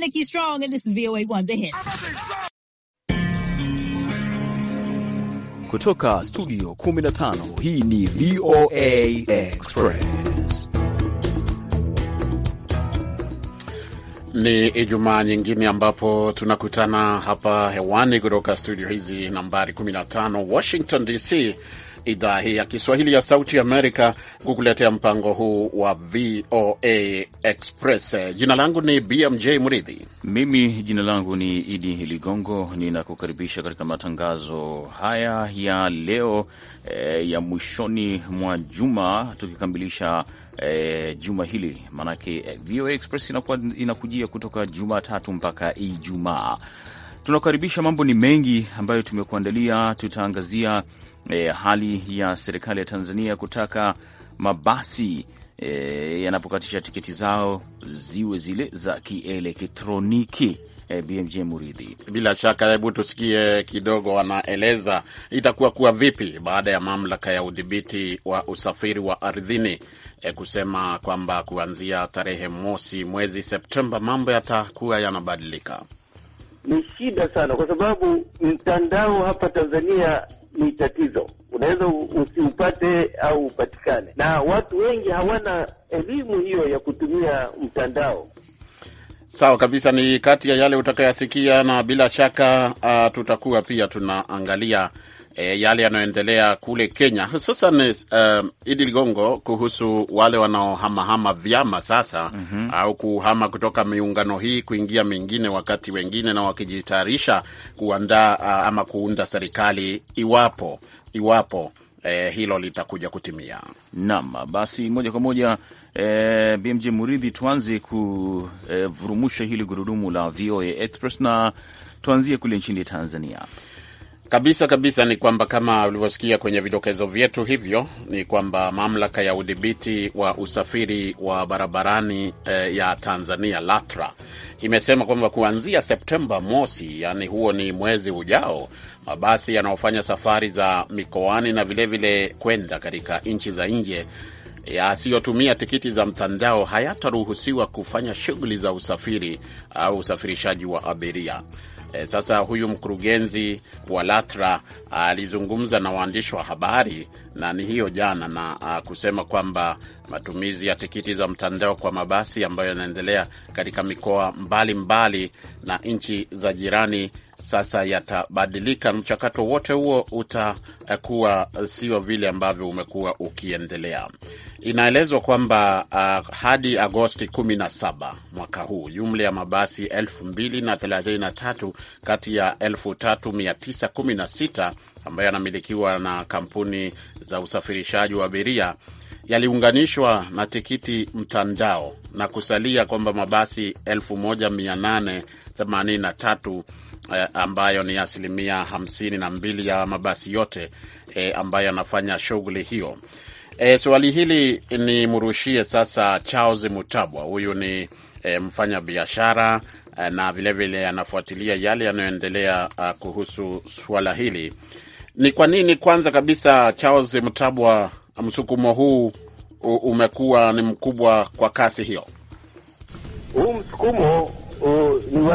Nikki Strong, and this is VOA1 The Hit. Kutoka studio 15, hii ni VOA Express. Ni Ijumaa nyingine ambapo tunakutana hapa hewani kutoka studio hizi nambari 15 Washington DC idhaa hii ya Kiswahili ya Sauti Amerika kukuletea mpango huu wa VOA Express. Jina langu ni BMJ Mridhi. Mimi jina langu ni Idi Ligongo, ninakukaribisha katika matangazo haya ya leo eh, ya mwishoni mwa juma tukikamilisha E, juma hili maanake eh, VOA Express inakuwa inakujia kutoka Jumatatu mpaka Ijumaa. Tunakaribisha, mambo ni mengi ambayo tumekuandalia. Tutaangazia eh, hali ya serikali ya Tanzania kutaka mabasi eh, yanapokatisha tiketi zao ziwe zile za kielektroniki. E, BMJ Muridhi, bila shaka, hebu tusikie kidogo, wanaeleza itakuwa kuwa vipi baada ya mamlaka ya udhibiti wa usafiri wa ardhini e, kusema kwamba kuanzia tarehe mosi mwezi Septemba mambo yatakuwa yanabadilika. Ni shida sana, kwa sababu mtandao hapa Tanzania ni tatizo, unaweza usiupate au upatikane, na watu wengi hawana elimu hiyo ya kutumia mtandao. Sawa kabisa, ni kati ya yale utakayasikia, na bila shaka uh, tutakuwa pia tunaangalia e, yale yanayoendelea kule Kenya hususan uh, Idi Ligongo, kuhusu wale wanaohamahama vyama sasa mm -hmm. au kuhama kutoka miungano hii kuingia mingine, wakati wengine na wakijitayarisha kuandaa uh, ama kuunda serikali iwapo iwapo eh, hilo litakuja kutimia. Naam, basi moja kwa moja eh, BMJ Muridhi, tuanze kuvurumusha eh, hili gurudumu la VOA Express na tuanzie kule nchini Tanzania. Kabisa kabisa ni kwamba kama ulivyosikia kwenye vidokezo vyetu hivyo, ni kwamba mamlaka ya udhibiti wa usafiri wa barabarani eh, ya Tanzania LATRA imesema kwamba kuanzia Septemba mosi, yaani huo ni mwezi ujao, mabasi yanayofanya safari za mikoani na vilevile kwenda katika nchi za nje yasiyotumia tikiti za mtandao hayataruhusiwa kufanya shughuli za usafiri au usafirishaji wa abiria. E, sasa huyu mkurugenzi wa LATRA ah, alizungumza na waandishi wa habari na ni hiyo jana, na a, ah, kusema kwamba matumizi ya tikiti za mtandao kwa mabasi ambayo yanaendelea katika mikoa mbalimbali mbali na nchi za jirani sasa yatabadilika, mchakato wote huo utakuwa eh, sio vile ambavyo umekuwa ukiendelea. Inaelezwa kwamba uh, hadi Agosti 17 mwaka huu jumla ya mabasi 2033 kati ya 3916 ambayo yanamilikiwa na kampuni za usafirishaji wa abiria yaliunganishwa na tikiti mtandao na kusalia kwamba mabasi 1883 eh, ambayo ni asilimia hamsini na mbili ya mabasi yote eh, ambayo yanafanya shughuli hiyo. E, swali hili ni mrushie sasa Charles Mutabwa. Huyu ni e, mfanya biashara e, na vilevile anafuatilia yale yanayoendelea eh, kuhusu swala hili. Ni kwa nini kwanza kabisa, Charles Mutabwa, msukumo huu umekuwa ni mkubwa kwa kasi hiyo? Huu msukumo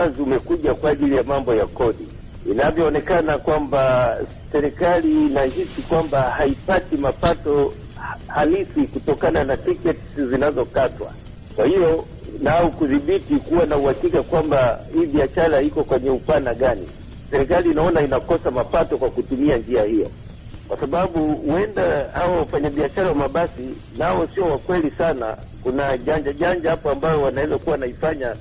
wazi umekuja kwa ajili ya mambo ya kodi. Inavyoonekana kwamba serikali inahisi kwamba haipati mapato halisi kutokana na tiketi zinazokatwa, kwa hiyo nao kudhibiti, kuwa na uhakika kwamba hii biashara iko kwenye upana gani. Serikali inaona inakosa mapato kwa kutumia njia hiyo, kwa sababu huenda hao wafanyabiashara wa mabasi nao sio wakweli sana. Kuna janja janja hapo ambayo wanaweza kuwa wanaifanya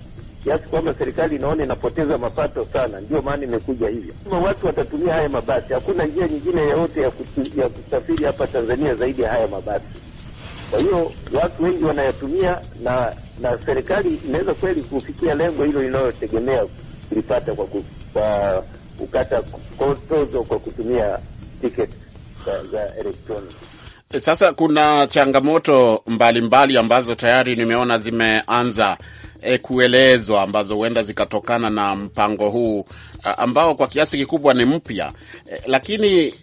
kiasi kwamba serikali inaona inapoteza mapato sana, ndio maana imekuja hivyo. Kama watu watatumia haya mabasi, hakuna njia nyingine yoyote ya, ya kusafiri hapa Tanzania zaidi ya haya mabasi. Kwa hiyo watu wengi wanayatumia na na serikali inaweza kweli kufikia lengo hilo inayotegemea kulipata kwa, ku, kwa kukata tozo kwa kutumia tiketi za elektroniki. Sasa kuna changamoto mbalimbali mbali ambazo tayari nimeona zimeanza e, kuelezwa ambazo huenda zikatokana na mpango huu ambao kwa kiasi kikubwa ni mpya e, lakini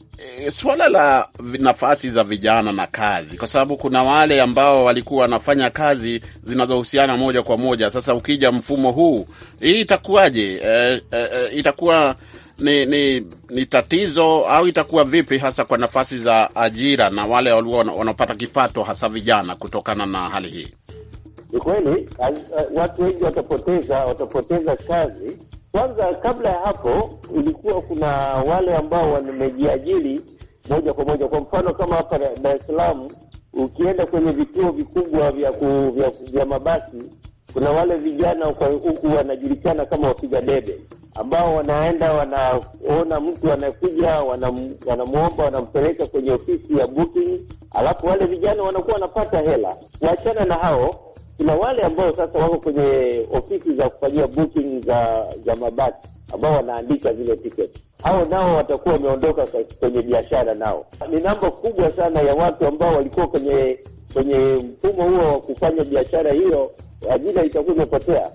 e, suala la nafasi za vijana na kazi, kwa sababu kuna wale ambao walikuwa wanafanya kazi zinazohusiana moja kwa moja. Sasa ukija mfumo huu, hii itakuwaje? E, e, e itakuwa ni, ni, ni tatizo au itakuwa vipi hasa kwa nafasi za ajira na wale walio wanapata kipato hasa vijana kutokana na hali hii? Ni kweli watu wengi watapoteza watapoteza kazi. Kwanza, kabla ya hapo ilikuwa kuna wale ambao wamejiajiri moja kwa moja. Kwa mfano kama hapa Dar es Salaam, ukienda kwenye vituo vikubwa vya ku, vya, vya mabasi kuna wale vijana huku wanajulikana kama wapiga debe ambao wanaenda wanaona mtu anakuja, wanamwomba, wanampeleka kwenye ofisi ya booking, alafu wale vijana wanakuwa wanapata hela. kuachana na hao kuna wale ambao sasa wako kwenye ofisi za kufanyia booking za za mabasi ambao wanaandika zile tiketi, hao nao watakuwa wameondoka kwenye biashara. Nao ni namba kubwa sana ya watu ambao walikuwa kwenye kwenye mfumo huo wa kufanya biashara hiyo, ajira itakuwa imepotea.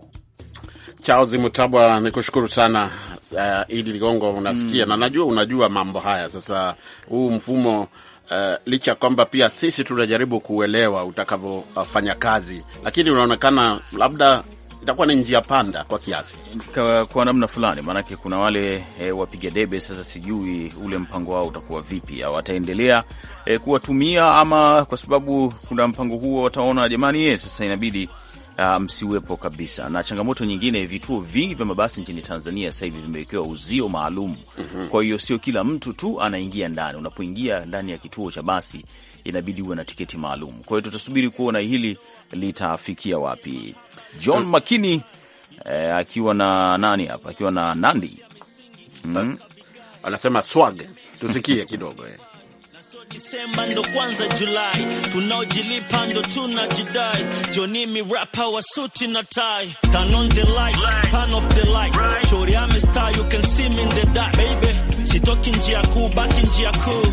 Charles Mutabwa, nikushukuru sana. Uh, ili Ligongo, unasikia mm, na najua unajua mambo haya. Sasa huu mfumo Uh, licha kwamba pia sisi tunajaribu kuelewa utakavyofanya uh, kazi, lakini unaonekana labda itakuwa ni njia panda kwa kiasi kwa, kwa namna fulani, maanake kuna wale e, eh, wapiga debe. Sasa sijui ule mpango wao utakuwa vipi, au wataendelea e, kuwatumia ama, kwa sababu kuna mpango huo wataona, jamani, ye sasa inabidi Ah, msiwepo um, kabisa. Na changamoto nyingine, vituo vingi vya mabasi nchini Tanzania sasa hivi vimewekewa uzio maalum mm -hmm. Kwa hiyo sio kila mtu tu anaingia ndani. Unapoingia ndani ya kituo cha basi inabidi uwe na tiketi maalum. Kwa hiyo tutasubiri kuona hili litafikia wapi. John mm. Makini eh, akiwa na nani hapa, akiwa na Nandi mm. anasema swag, tusikie kidogo eh. Disemba ndo kwanza Julai, tunaojilipa ndo tunajidai. Joni mi rapa wa suti na tai, turn on the light, turn off the light. Shori ame star, you can see me in the dark baby. Sitoki njia kuu, baki njia kuu,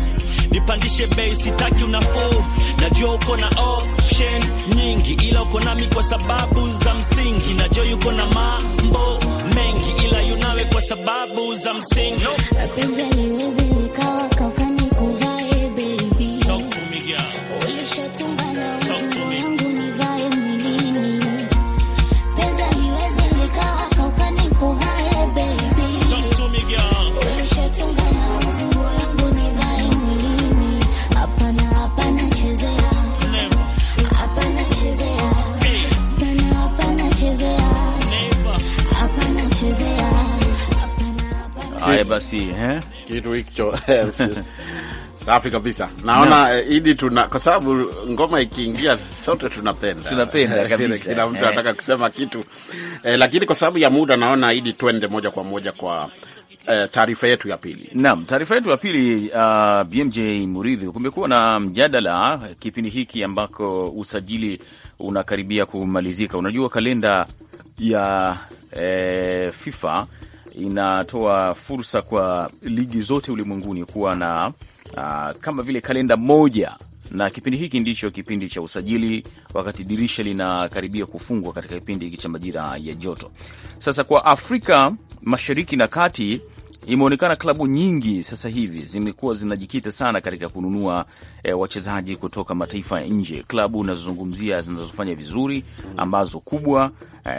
nipandishe bei, sitaki unafuu. Najua uko na option nyingi, ila uko nami kwa sababu za msingi. Najua yuko na mambo mengi, ila yunawe kwa sababu za msingi. eh? kitu hicho eh, safi kabisa. Naona no. Eh, Idi, tuna kwa sababu ngoma ikiingia sote tunapenda tunapenda kabisa, kila mtu eh. anataka eh, kusema kitu eh, lakini kwa sababu ya muda naona Idi, twende moja kwa moja kwa eh, taarifa yetu ya pili. Naam, taarifa yetu ya pili uh, ah, BMJ Muridhi, kumekuwa na mjadala kipindi hiki ambako usajili unakaribia kumalizika. Unajua kalenda ya eh, FIFA inatoa fursa kwa ligi zote ulimwenguni kuwa na uh, kama vile kalenda moja na kipindi hiki ndicho kipindi cha usajili, wakati dirisha linakaribia kufungwa katika kipindi hiki cha majira ya joto. Sasa kwa Afrika Mashariki na Kati, imeonekana klabu nyingi sasa hivi zimekuwa zinajikita sana katika kununua e, wachezaji kutoka mataifa ya nje. Klabu nazozungumzia zinazofanya vizuri ambazo kubwa e,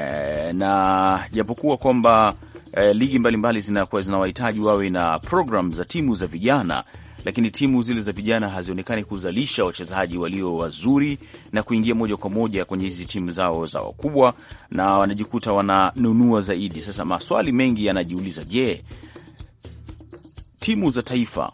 na japokuwa kwamba eh, ligi mbalimbali zinakuwa zinawahitaji wawe na programu za timu za vijana, lakini timu zile za vijana hazionekani kuzalisha wachezaji walio wazuri na kuingia moja kwa moja kwenye hizi timu zao za wakubwa, na wanajikuta wananunua zaidi. Sasa maswali mengi yanajiuliza, je, timu za taifa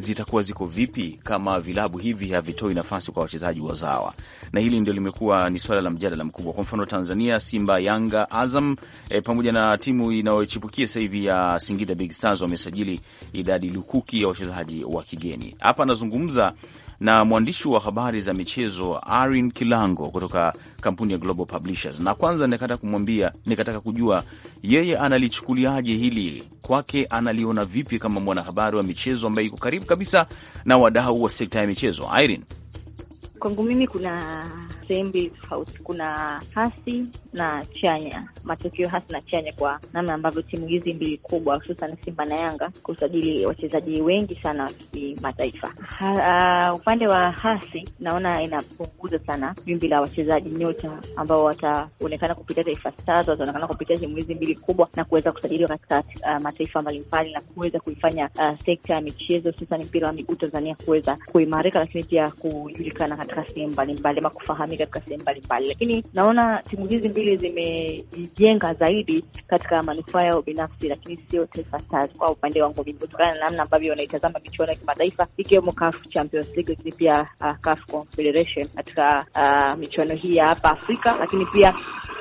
zitakuwa ziko vipi kama vilabu hivi havitoi nafasi kwa wachezaji wazawa? Na hili ndio limekuwa ni swala la mjadala mkubwa. Kwa mfano Tanzania, Simba, Yanga, Azam e, pamoja na timu inayochipukia sasa hivi ya Singida Big Stars wamesajili idadi lukuki ya wachezaji wa kigeni. Hapa anazungumza na mwandishi wa habari za michezo Arin Kilango kutoka kampuni ya Global Publishers, na kwanza nikataka kumwambia, nikataka kujua yeye analichukuliaje hili, kwake analiona vipi kama mwanahabari wa michezo ambaye iko karibu kabisa na wadau wa sekta ya michezo. Arin: kwangu mimi kuna sehemu mbili tofauti. Kuna hasi na chanya, matokeo hasi na chanya kwa namna ambavyo timu hizi mbili kubwa hususan Simba na Yanga kusajili wachezaji wengi sana wa kimataifa. Uh, upande wa hasi naona inapunguza sana wimbi la wachezaji nyota ambao wataonekana kupitia Taifa Stars, wataonekana kupitia timu hizi mbili kubwa na kuweza kusajiliwa katika uh, mataifa mbalimbali na kuweza kuifanya uh, sekta ya michezo hususan mpira wa miguu Tanzania kuweza kuimarika, lakini pia kujulikana katika sehemu mbalimbali ama kufahamika katika sehemu mbalimbali, lakini naona timu hizi mbili zimejijenga zaidi katika manufaa yao binafsi, lakini sio Taifa Stars kwa upande wangu mimi, kutokana na namna ambavyo wanaitazama michuano ya kimataifa ikiwemo CAF Champions League, lakini pia uh, CAF Confederation katika uh, michuano hii ya hapa Afrika, lakini pia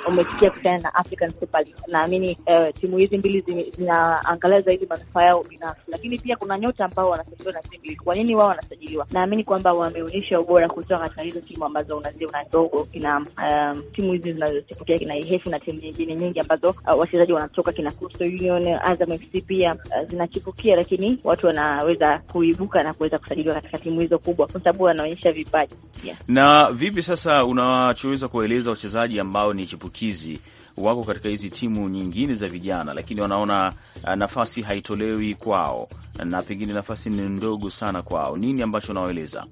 umefikia kutana na African Super League. Naamini uh, timu hizi mbili zinaangalia zaidi manufaa yao binafsi, lakini pia kuna nyota ambao wanasajiliwa na timu mbili. Kwa nini wao wanasajiliwa? Naamini kwamba wameonyesha ubora kutoka katika hizo timu ambazo unaziona ndogo, kina um, timu hizi zinazochipukia, kina Ihefu na timu nyingine nyingi ambazo uh, wachezaji wanatoka, kina Coastal Union, Azam FC pia uh, zinachipukia, lakini watu wanaweza kuibuka na kuweza kusajiliwa katika timu hizo kubwa, kwa sababu wanaonyesha vipaji. Na vipi sasa unachoweza kuwaeleza wachezaji ambao ni chipukizi wako katika hizi timu nyingine za vijana, lakini wanaona uh, nafasi haitolewi kwao na pengine nafasi ni ndogo sana kwao, nini ambacho unawaeleza?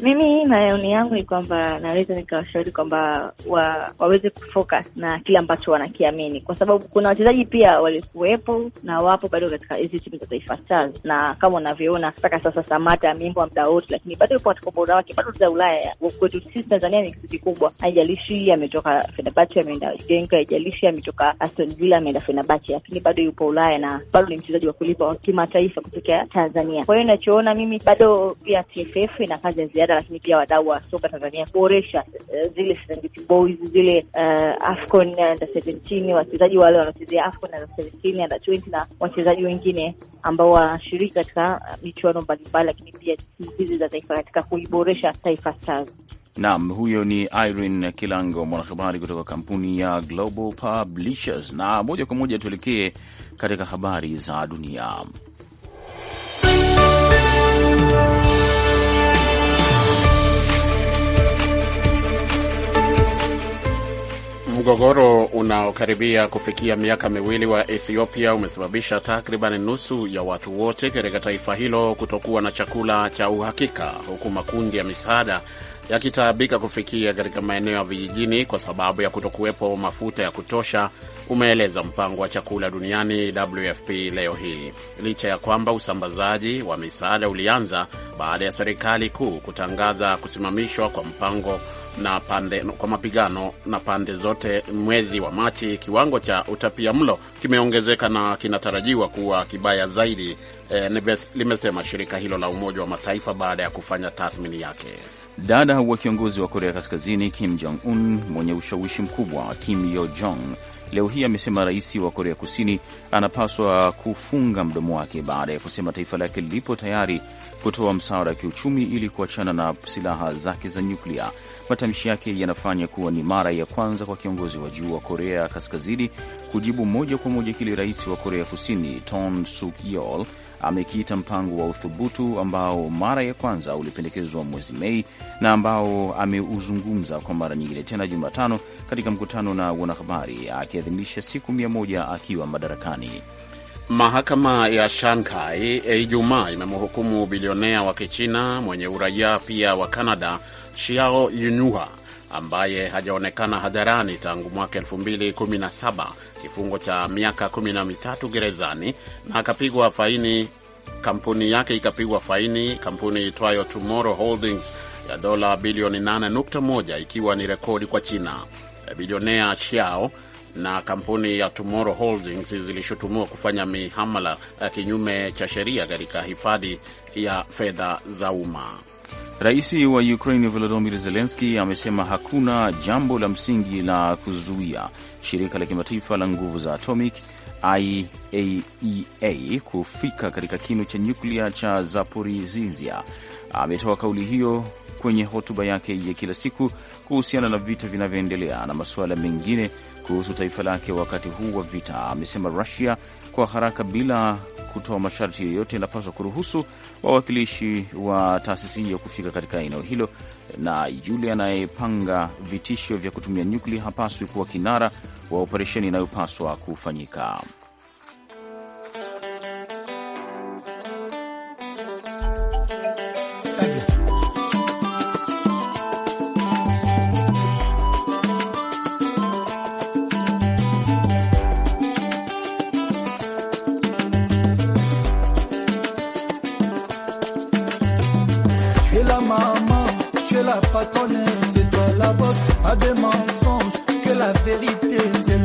Mimi maoni yangu ni kwamba naweza nikawashauri kwamba wa, waweze kufocus na kile ambacho wanakiamini, kwa sababu kuna wachezaji pia walikuwepo na wapo bado katika hizi timu za Taifa Stars, na kama unavyoona mpaka sasa Samata ameimbwa muda wote, lakini bado yupo katika ubora wake, bado za Ulaya. Kwetu sisi Tanzania ni kitu kikubwa, haijalishi ametoka Fenerbahce ameenda Genka, haijalishi ametoka Aston Villa ameenda Fenerbahce, lakini bado yupo Ulaya na bado ni mchezaji wa kulipa wa kimataifa kutokea Tanzania. Kwa hiyo nachoona mimi bado pia TFF ina kazi ya vijana, lakini pia wadau wa soka Tanzania kuboresha uh, zile Serengeti Boys zile uh, Afcon under 17 wachezaji wale wanaochezea Afcon under 17 under 20 na wachezaji wengine ambao wanashiriki katika eh, michuano mbalimbali, lakini pia hizi za taifa katika kuiboresha Taifa Stars. Naam, huyo ni Irene Kilango, mwanahabari kutoka kampuni ya Global Publishers. Na moja kwa moja tuelekee katika habari za dunia. Mgogoro unaokaribia kufikia miaka miwili wa Ethiopia umesababisha takriban nusu ya watu wote katika taifa hilo kutokuwa na chakula cha uhakika, huku makundi ya misaada yakitaabika kufikia katika maeneo ya vijijini kwa sababu ya kutokuwepo mafuta ya kutosha, umeeleza mpango wa chakula duniani WFP leo hii, licha ya kwamba usambazaji wa misaada ulianza baada ya serikali kuu kutangaza kusimamishwa kwa mpango na pande, kwa mapigano na pande zote mwezi wa Machi. Kiwango cha utapia mlo kimeongezeka na kinatarajiwa kuwa kibaya zaidi eh, limesema shirika hilo la Umoja wa Mataifa baada ya kufanya tathmini yake. Dada wa kiongozi wa Korea Kaskazini Kim Jong Un mwenye ushawishi mkubwa Kim Yo Jong leo hii amesema rais wa Korea Kusini anapaswa kufunga mdomo wake baada ya kusema taifa lake lipo tayari kutoa msaada wa kiuchumi ili kuachana na silaha zake za nyuklia. Matamshi yake yanafanya kuwa ni mara ya kwanza kwa kiongozi wa juu wa Korea Kaskazini kujibu moja kwa moja kile rais wa Korea Kusini Ton Suk Yeol amekiita mpango wa uthubutu ambao mara ya kwanza ulipendekezwa mwezi Mei na ambao ameuzungumza kwa mara nyingine tena Jumatano katika mkutano na wanahabari akiadhimisha siku mia moja akiwa madarakani. Mahakama ya Shanghai eh, Ijumaa imemhukumu bilionea wa Kichina mwenye uraia pia wa Kanada Xiao Yunua ambaye hajaonekana hadharani tangu mwaka 2017 kifungo cha miaka 13 gerezani na akapigwa faini kampuni yake ikapigwa faini kampuni itwayo Tomorrow Holdings ya dola bilioni 8.1 ikiwa ni rekodi kwa China. E, bilionea Chiao na kampuni ya Tomorrow Holdings zilishutumiwa kufanya mihamala e, kinyume cha sheria katika hifadhi ya fedha za umma. Rais wa Ukraini Volodymyr Zelenski amesema hakuna jambo la msingi la kuzuia shirika la kimataifa la nguvu za atomic IAEA e kufika katika kinu cha nyuklia cha Zaporizhzhia. Ametoa kauli hiyo kwenye hotuba yake ya kila siku kuhusiana na vita vinavyoendelea na masuala mengine kuhusu taifa lake wakati huu wa vita. Amesema Rusia kwa haraka bila kutoa masharti yoyote, inapaswa kuruhusu wawakilishi wa taasisi hiyo kufika katika eneo hilo, na yule anayepanga vitisho vya kutumia nyuklia hapaswi kuwa kinara wa operesheni inayopaswa kufanyika. maman, tu es la patronne, c'est toi la bosse. À des mensonges, que la vérité, c'est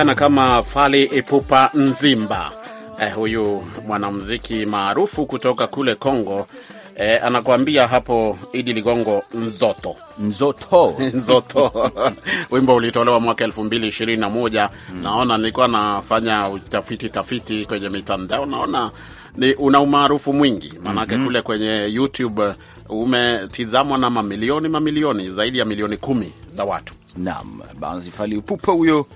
anajulikana kama Fali Ipupa Nzimba. Eh, huyu mwanamuziki maarufu kutoka kule Kongo eh, anakuambia hapo Idi Ligongo Nzoto Nzoto Nzoto. Wimbo ulitolewa mwaka elfu mbili ishirini na moja. Mm. Naona nilikuwa nafanya utafiti tafiti kwenye mitandao naona ni una umaarufu mwingi maanake, mm -hmm. kule kwenye YouTube uh, umetizamwa na mamilioni mamilioni, zaidi ya milioni kumi za watu. Naam, basi Fali Ipupa huyo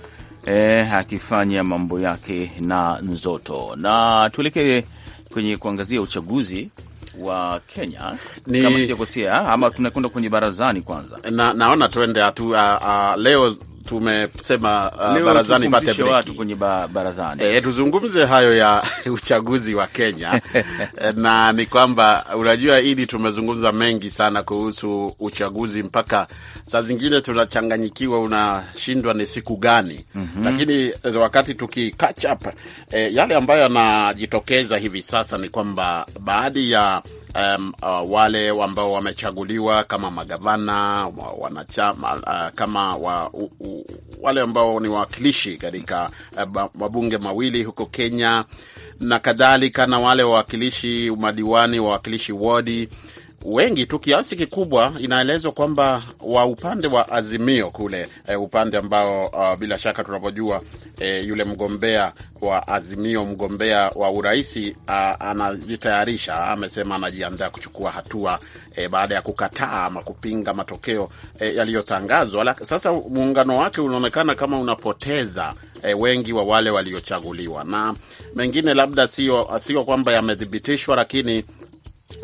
eh, akifanya mambo yake na Nzoto. Na tuelekee kwenye kuangazia uchaguzi wa Kenya ni... kama sijakosea, ama tunakwenda kwenye barazani kwanza. Na, naona tuende hatu, uh, uh, leo tumesema uh, barazani pate watu kwenye ba, barazani e, tuzungumze hayo ya uchaguzi wa Kenya na ni kwamba unajua, ili tumezungumza mengi sana kuhusu uchaguzi, mpaka saa zingine tunachanganyikiwa, unashindwa ni siku gani mm -hmm. Lakini eh, wakati tuki catch up e, yale ambayo yanajitokeza hivi sasa ni kwamba baadhi ya um, uh, wale ambao wamechaguliwa kama magavana wanachama, uh, kama wa, u, u, wale ambao ni wawakilishi katika mabunge uh, mawili huko Kenya na kadhalika, na wale wawakilishi madiwani, wawakilishi wodi wengi tu kiasi kikubwa inaelezwa kwamba wa upande wa Azimio kule e, upande ambao uh, bila shaka tunavyojua e, yule mgombea wa Azimio, mgombea wa uraisi uh, anajitayarisha, amesema anajiandaa kuchukua hatua e, baada ya kukataa ama kupinga matokeo e, yaliyotangazwa. Sasa muungano wake unaonekana kama unapoteza E, wengi wa wale waliochaguliwa na mengine labda sio sio kwamba yamethibitishwa, lakini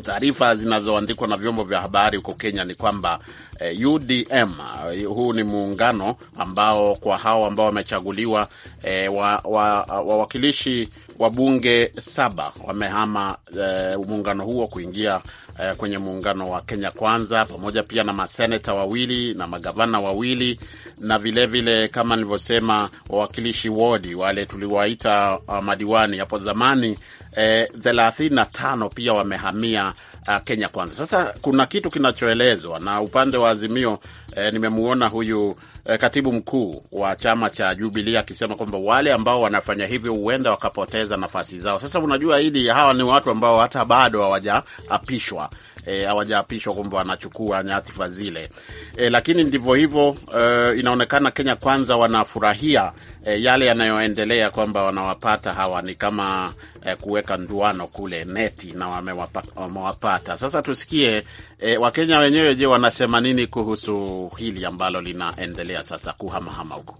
Taarifa zinazoandikwa na vyombo vya habari huko Kenya ni kwamba eh, UDM eh, huu ni muungano ambao kwa hao ambao wamechaguliwa eh, wawakilishi wa, wa bunge saba wamehama eh, muungano huo kuingia eh, kwenye muungano wa Kenya Kwanza, pamoja pia na maseneta wawili na magavana wawili na vilevile vile, kama nilivyosema wawakilishi wodi wale tuliwaita uh, madiwani hapo zamani Eh, thelathini na tano pia wamehamia eh, Kenya Kwanza. Sasa kuna kitu kinachoelezwa na upande wa Azimio. eh, nimemuona huyu eh, katibu mkuu wa chama cha Jubilee akisema kwamba wale ambao wanafanya hivyo huenda wakapoteza nafasi zao. Sasa unajua hili, hawa ni watu ambao hata bado hawajaapishwa E, hawajaapishwa e, kwamba wanachukua nyadhifa zile e, lakini ndivyo hivyo e, inaonekana Kenya kwanza wanafurahia e, yale yanayoendelea kwamba wanawapata hawa ni kama e, kuweka nduano kule neti na wamewapata. Sasa tusikie e, Wakenya wenyewe je, wanasema nini kuhusu hili ambalo linaendelea sasa kuhamahama huku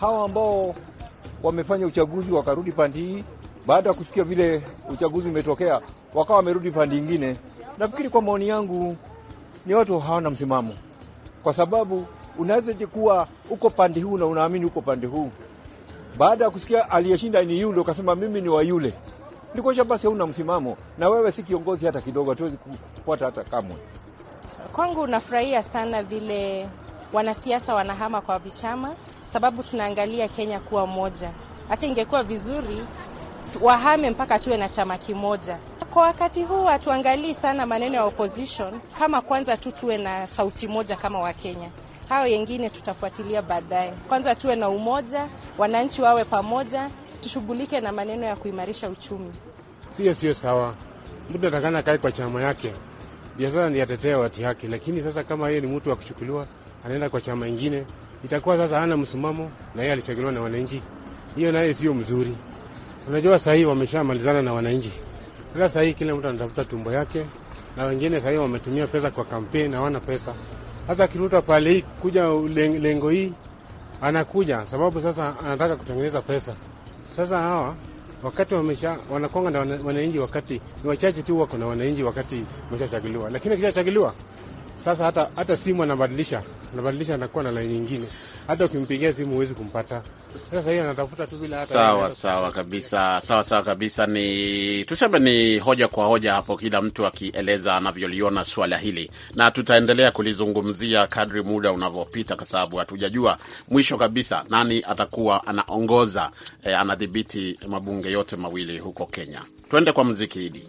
hawa ambao wamefanya uchaguzi wakarudi pandi hii baada ya kusikia vile uchaguzi umetokea, wakawa wamerudi pande ingine Nafikiri kwa maoni yangu ni watu hawana msimamo, kwa sababu unaweza kuwa uko pande huu na unaamini uko pande huu, baada ya kusikia aliyeshinda ni yule ukasema mimi ni wa yule, ndikosha basi hauna msimamo, na wewe si kiongozi hata kidogo, hatuwezi kufuata hata kamwe. Kwangu nafurahia sana vile wanasiasa wanahama kwa vichama, sababu tunaangalia Kenya kuwa moja. Hata ingekuwa vizuri wahame mpaka tuwe na chama kimoja, kwa wakati huu hatuangalii sana maneno ya opposition, kama kwanza tu tuwe na sauti moja kama Wakenya. Hayo yengine tutafuatilia baadaye. Kwanza tuwe na umoja, wananchi wawe pamoja, tushughulike na maneno ya kuimarisha uchumi. Sio sio sawa, mtu atakana kae kwa chama yake, biashara ni ndiye atetea watu yake. Lakini sasa kama yeye ni mtu wa kuchukuliwa, anaenda kwa chama ingine, itakuwa sasa hana msimamo, na yeye alichaguliwa na wananchi. Hiyo naye sio mzuri. Unajua sahii wameshamalizana na wananchi. Ila saa hii kila mtu anatafuta tumbo yake, na wengine saa hii wametumia pesa kwa kampeni, hawana pesa. Sasa Kiruta pale hii kuja lengo hii anakuja sababu sasa anataka kutengeneza pesa. Sasa hawa wakati wamesha wanakonga na wananchi, wakati ni wachache tu wako na wananchi, wakati wameshachaguliwa. Lakini akishachaguliwa sasa, hata hata simu anabadilisha, anabadilisha anakuwa na laini nyingine hata ukimpigia simu huwezi kumpata. Sasa anatafuta tu bila hata. Sawa sawa kabisa, sawa sawa kabisa. Ni tuseme ni hoja kwa hoja hapo, kila mtu akieleza anavyoliona swala hili, na tutaendelea kulizungumzia kadri muda unavyopita, kwa sababu hatujajua mwisho kabisa nani atakuwa anaongoza, eh, anadhibiti mabunge yote mawili huko Kenya. Twende kwa muziki hidi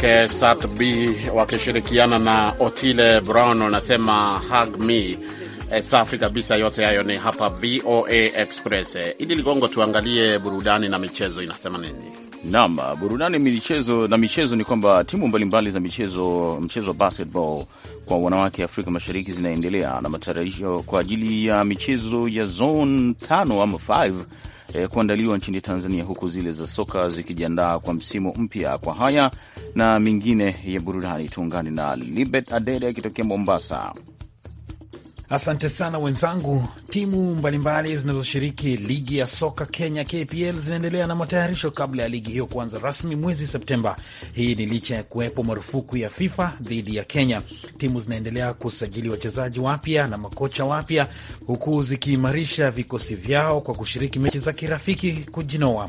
kwake Sat B wakishirikiana na Otile Brown wanasema hug me. E, safi kabisa. Yote hayo ni hapa VOA Express. Idi Ligongo, tuangalie burudani na michezo inasema nini? Naam, burudani michezo na michezo ni kwamba timu mbalimbali za michezo mchezo wa basketball kwa wanawake Afrika Mashariki zinaendelea na matarajio kwa ajili ya michezo ya zone tano ama 5 eh, kuandaliwa nchini Tanzania, huku zile za soka zikijiandaa kwa msimu mpya. Kwa haya na mengine ya burudani, tuungane na Libet Adede akitokea Mombasa. Asante sana wenzangu. Timu mbalimbali zinazoshiriki ligi ya soka Kenya KPL zinaendelea na matayarisho kabla ya ligi hiyo kuanza rasmi mwezi Septemba. Hii ni licha ya kuwepo marufuku ya FIFA dhidi ya Kenya. Timu zinaendelea kusajili wachezaji wapya na makocha wapya, huku zikiimarisha vikosi vyao kwa kushiriki mechi za kirafiki kujinoa.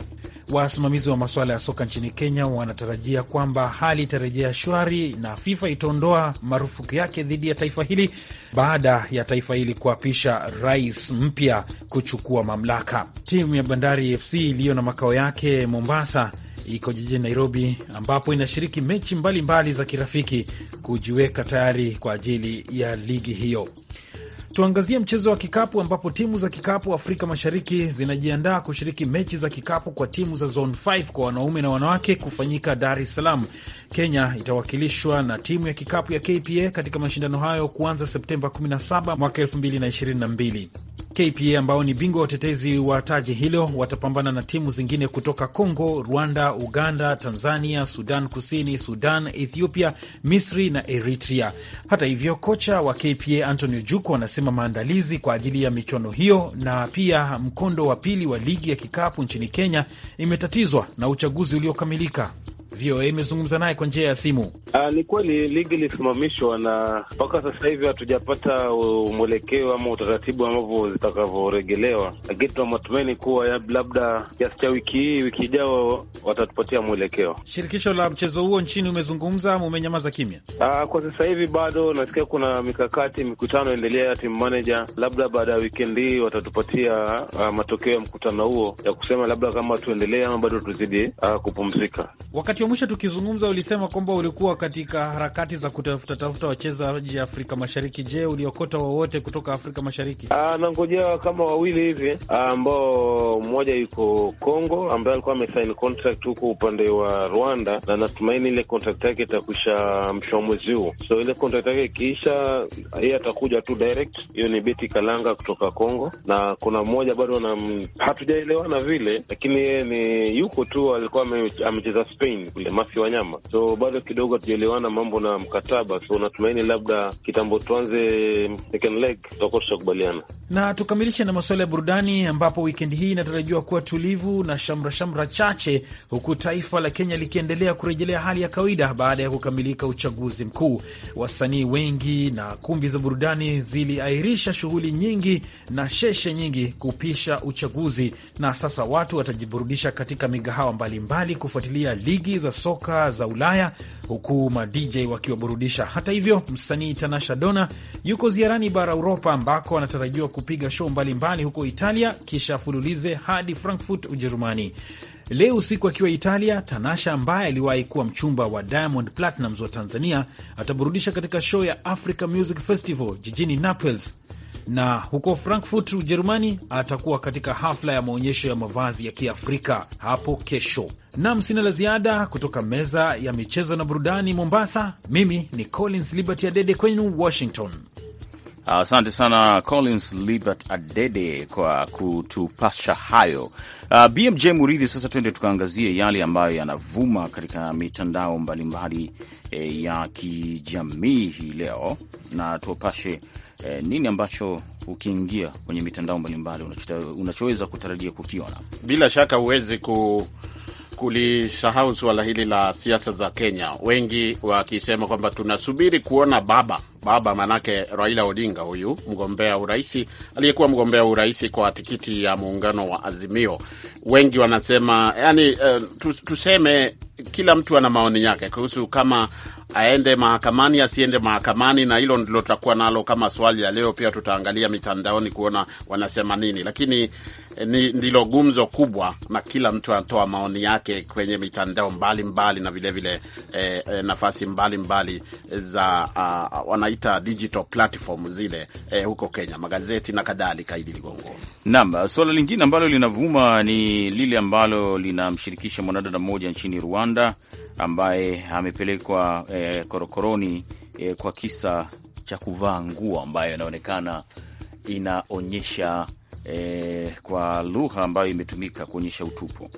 Wasimamizi wa masuala ya soka nchini Kenya wanatarajia kwamba hali itarejea shwari na FIFA itaondoa marufuku yake dhidi ya taifa hili baada ya taifa hili kuapisha rais mpya kuchukua mamlaka. Timu ya Bandari FC iliyo na makao yake Mombasa iko jijini Nairobi ambapo inashiriki mechi mbalimbali mbali za kirafiki kujiweka tayari kwa ajili ya ligi hiyo. Tuangazie mchezo wa kikapu ambapo timu za kikapu Afrika Mashariki zinajiandaa kushiriki mechi za kikapu kwa timu za Zone 5 kwa wanaume na wanawake kufanyika Dar es Salaam. Kenya itawakilishwa na timu ya kikapu ya KPA katika mashindano hayo kuanza Septemba 17 mwaka 2022. KPA ambao ni bingwa watetezi wa taji hilo watapambana na timu zingine kutoka Congo, Rwanda, Uganda, Tanzania, Sudan Kusini, Sudan, Ethiopia, Misri na Eritrea. Hata hivyo, kocha wa KPA Antonio Juku anasema maandalizi kwa ajili ya michuano hiyo na pia mkondo wa pili wa ligi ya kikapu nchini Kenya imetatizwa na uchaguzi uliokamilika. VOA imezungumza naye kwa njia ya simu. Aa, ah, ni kweli ligi ilisimamishwa na mpaka sasa hivi hatujapata mwelekeo ama utaratibu ambavyo zitakavyoregelewa, lakini tuna matumaini kuwa labda kiasi cha wiki hii, wiki ijao watatupatia mwelekeo. Shirikisho la mchezo huo nchini umezungumza ama umenyamaza kimya? Aa, ah, kwa sasa hivi bado nasikia kuna mikakati, mikutano endelea, timu manaja, labda baada ya wikendi hii watatupatia uh, matokeo ya mkutano huo ya kusema labda kama tuendelee ama bado tuzidi uh, kupumzika wakati Wakati wa mwisho tukizungumza, ulisema kwamba ulikuwa katika harakati za kutafuta tafuta wachezaji Afrika Mashariki. Je, uliokota wowote kutoka Afrika Mashariki? Ah, nangojea kama wawili hivi, ah, ambao mmoja yuko Congo ambaye alikuwa amesaini contract huko upande wa Rwanda, na natumaini ile contract yake itakuisha msho mwezi huu, so ile contract yake ikiisha, yeye atakuja tu direct. Hiyo ni Beti Kalanga kutoka Congo, na kuna mmoja bado hatujaelewana vile, lakini yeye ni yuko tu, alikuwa amecheza Spain kule mafi wanyama, so bado kidogo hatujaelewana mambo na mkataba, so natumaini labda kitambo tuanze second leg tutakuwa tutakubaliana na tukamilishe na masuala ya burudani, ambapo wikendi hii inatarajiwa kuwa tulivu na shamra shamra chache, huku taifa la Kenya likiendelea kurejelea hali ya kawaida baada ya kukamilika uchaguzi mkuu. Wasanii wengi na kumbi za burudani ziliahirisha shughuli nyingi na sheshe nyingi kupisha uchaguzi, na sasa watu watajiburudisha katika migahawa mbalimbali kufuatilia ligi za soka za Ulaya, huku ma DJ wakiwaburudisha. Hata hivyo, msanii Tanasha Dona yuko ziarani bara Uropa, ambako anatarajiwa kupiga show mbalimbali huko Italia, kisha afululize hadi Frankfurt, Ujerumani. Leo usiku akiwa Italia, Tanasha ambaye aliwahi kuwa mchumba wa Diamond Platnumz wa Tanzania ataburudisha katika show ya Africa Music Festival jijini Naples na huko Frankfurt, Ujerumani, atakuwa katika hafla ya maonyesho ya mavazi ya Kiafrika hapo kesho. Nam, sina la ziada kutoka meza ya michezo na burudani Mombasa. Mimi ni Collins Liberty Adede kwenu Washington. Asante sana Collins Libert Adede kwa kutupasha hayo. Uh, ah, BMJ Muridhi, sasa tuende tukaangazie yale ambayo yanavuma katika mitandao mbalimbali mbali, eh, ya kijamii hii leo, na tuwapashe eh, nini ambacho ukiingia kwenye mitandao mbalimbali unachoweza kutarajia kukiona? Bila shaka huwezi ku kulisahau suala hili la siasa za Kenya, wengi wakisema kwamba tunasubiri kuona baba baba manake Raila Odinga huyu mgombea uraisi aliyekuwa mgombea uraisi kwa tikiti ya muungano wa Azimio. Wengi wanasema yani, uh, tuseme kila mtu ana maoni yake kuhusu kama aende mahakamani asiende mahakamani, na hilo ndilo tutakuwa nalo kama swali ya leo. Pia tutaangalia mitandaoni kuona wanasema nini, lakini eh, ni ndilo gumzo kubwa, na kila mtu anatoa maoni yake kwenye mitandao mbalimbali mbali, na vilevile vile, eh, eh, nafasi mbalimbali mbali za uh, ah, wana tunaita digital platform zile eh, huko Kenya, magazeti na kadhalika. Idi Ligongo. Naam, suala lingine ambalo linavuma ni lile ambalo linamshirikisha mwanadada mmoja nchini Rwanda ambaye amepelekwa eh, korokoroni eh, kwa kisa cha kuvaa nguo ambayo inaonekana inaonyesha eh, kwa lugha ambayo imetumika kuonyesha utupu.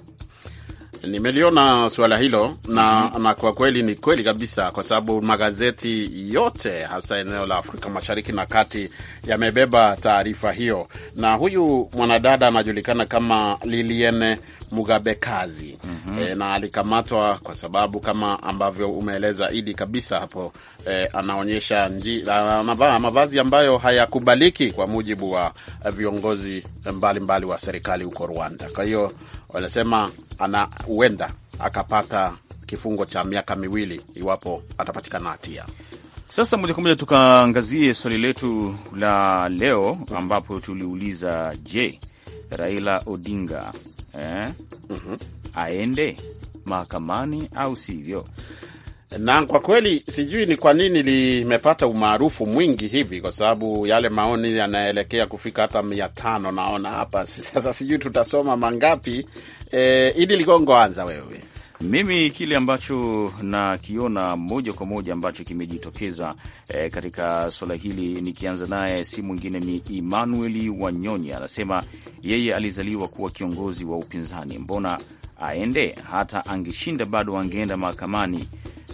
Nimeliona suala hilo na, mm -hmm. na kwa kweli ni kweli kabisa, kwa sababu magazeti yote hasa eneo la Afrika Mashariki na Kati yamebeba taarifa hiyo, na huyu mwanadada anajulikana kama Liliene Mugabekazi mm -hmm. E, na alikamatwa kwa sababu kama ambavyo umeeleza Idi kabisa hapo e, anaonyesha nji, anavaa mavazi ambayo hayakubaliki kwa mujibu wa eh, viongozi mbalimbali mbali wa serikali huko Rwanda. Kwa hiyo wanasema ana huenda akapata kifungo cha miaka miwili iwapo atapatikana hatia. Sasa moja kwa moja tukaangazie swali letu la leo, ambapo tuliuliza je, Raila Odinga eh, mm -hmm. aende mahakamani au sivyo? Na kwa kweli sijui ni kwa nini limepata umaarufu mwingi hivi, kwa sababu yale maoni yanaelekea kufika hata mia tano naona hapa sasa, sijui tutasoma mangapi E, Idi Ligongo, anza wewe. Mimi kile ambacho nakiona moja kwa moja ambacho kimejitokeza e, katika suala hili, nikianza naye si mwingine ni Emmanuel Wanyonyi. Anasema yeye alizaliwa kuwa kiongozi wa upinzani, mbona aende? Hata angeshinda bado angeenda mahakamani,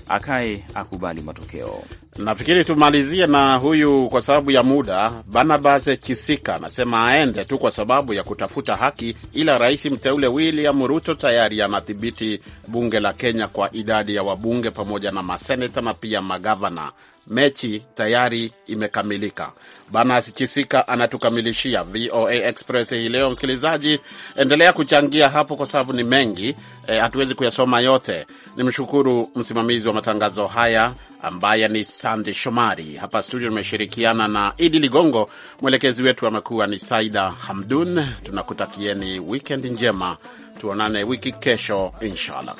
akae akubali matokeo. Nafikiri tumalizie na huyu kwa sababu ya muda. Barnabas Chisika anasema aende tu kwa sababu ya kutafuta haki, ila rais mteule William Ruto tayari anathibiti bunge la Kenya kwa idadi ya wabunge pamoja na maseneta na pia magavana. Mechi tayari imekamilika. Barnabas Chisika anatukamilishia VOA Express hii leo. Msikilizaji, endelea kuchangia hapo kwa sababu ni mengi, eh, hatuwezi e, kuyasoma yote. Nimshukuru msimamizi wa matangazo haya ambaye ni Sande Shomari. Hapa studio tumeshirikiana na Idi Ligongo, mwelekezi wetu amekuwa ni Saida Hamdun. Tunakutakieni wikend njema, tuonane wiki kesho inshallah.